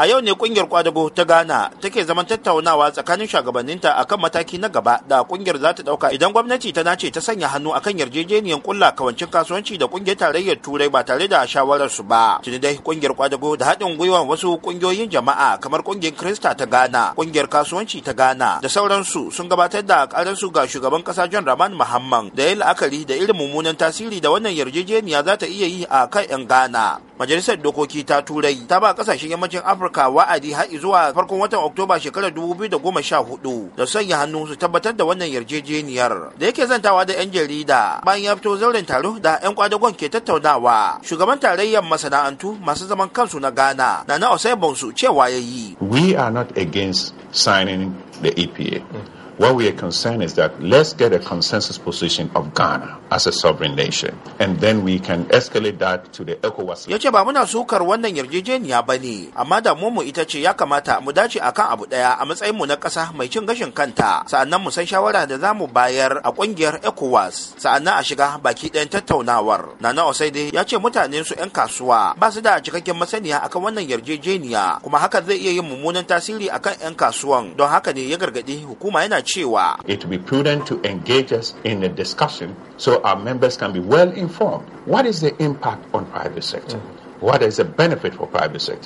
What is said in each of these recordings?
a yau ne kungiyar kwadago ta ghana take zaman tattaunawa tsakanin shugabanninta akan mataki na gaba da kungiyar za ta dauka idan gwamnati ta nace ta sanya hannu akan yarjejeniyar kulla kawancin kasuwanci da kungiyar tarayyar turai ba tare da shawarar su ba tuni dai kungiyar kwadago da haɗin gwiwar wasu kungiyoyin jama'a kamar kungiyar krista ta ghana kungiyar kasuwanci ta ghana da sauransu sun gabatar da su ga shugaban kasa john rahman muhammad da ya la'akari da irin mummunan tasiri da wannan yarjejeniya za ta iya yi a kan 'yan ghana majalisar dokoki ta turai ta ba kasashen yammacin afirka wa'adi har zuwa farkon watan oktoba shekarar dubu biyu da goma sha hudu, da sanya hannu su tabbatar da wannan yarjejeniyar da yake zantawa da 'yan jarida bayan ya fito zauren taro da 'yan kwadagon ke tattaunawa shugaban tarayyar masana'antu masu zaman kansu na ghana na na osai bonsu cewa ya yi we are not against signing the epa mm. What we are concerned is that let's get a consensus position of Ghana as a sovereign nation, and then we can escalate that to the ECOWAS. Ya ce ba muna sukar wannan yarjejeniya ba ne, amma mu ita ce ya kamata mu dace akan abu ɗaya a matsayin mu na ƙasa mai cin gashin kanta, sa'annan mu san shawara da za mu bayar a ƙungiyar ECOWAS, sa'annan a shiga baki ɗayan tattaunawar. Nana Osaide ya ce mutane su 'yan kasuwa ba su da cikakken masaniya akan wannan yarjejeniya, kuma haka zai iya yin mummunan tasiri akan 'yan kasuwan, don haka ne ya gargaɗi hukuma yana It it be prudent to engage us in a discussion so our members can be well informed what is the impact on private sector mm. ya is benefit for private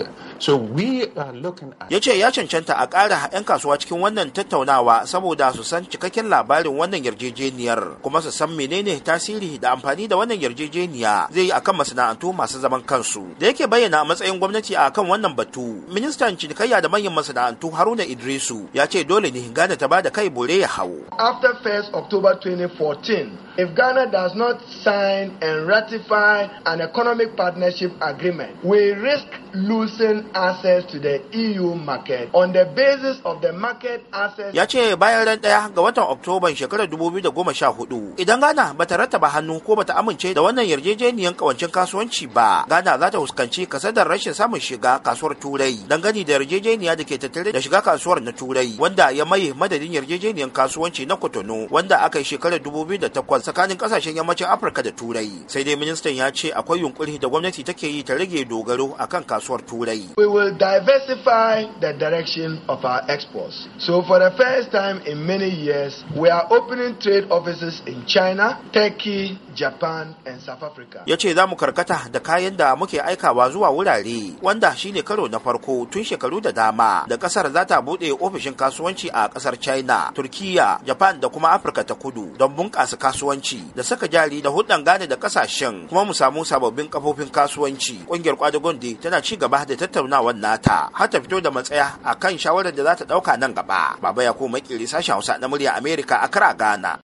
ya cancanta a ƙara 'yan kasuwa cikin wannan tattaunawa saboda su san cikakken labarin wannan yarjejeniyar kuma su san menene tasiri da amfani da wannan yarjejeniya zai yi akan masana'antu masu zaman kansu da yake bayyana a matsayin gwamnati a kan wannan batu ministan cinikayya da manyan masana'antu haruna idrisu ya ce dole ne ghana ta ba da kai bore ya hau after 1 october 2014 if ghana does not sign and ratify an economic partnership agreement agreement, we risk losing access to the EU market on the basis of the market access. Ya ce bayan ran ɗaya ga watan Oktoban shekarar 2014 idan gana bata ta rattaba hannu ko bata amince da wannan yarjejeniyar kawancin kasuwanci ba, gana za ta fuskanci kasadar rashin samun shiga kasuwar Turai dangane da yarjejeniya da ke tattare da shiga kasuwar na Turai wanda ya maye madadin yarjejeniyar kasuwanci na Kotono wanda aka yi shekarar 2008 tsakanin kasashen yammacin Afirka da Turai. Sai dai ministan ya ce akwai yunkuri da gwamnati take yi ta ta rage dogaro a kan kasuwar turai. We will diversify the direction of our exports. So for the first time in many years, we are opening trade offices in China, Turkey, Japan and South Africa. Ya ce za mu karkata da kayan da muke aikawa zuwa wurare wanda shine karo na farko tun shekaru da dama da kasar za ta buɗe ofishin kasuwanci a kasar China, Turkiya, Japan da kuma Afirka ta kudu don bunƙasa kasuwanci da saka jari da hudan gane da kasashen kuma mu samu sababbin kafofin kasuwanci. Ƙungiyar kwadagon dai tana ci gaba da tattaunawar nata har ta fito da matsaya akan shawarar da za ta ɗauka nan gaba. Baba ya ko makiri sashen Hausa na murya Amerika a kara Ghana.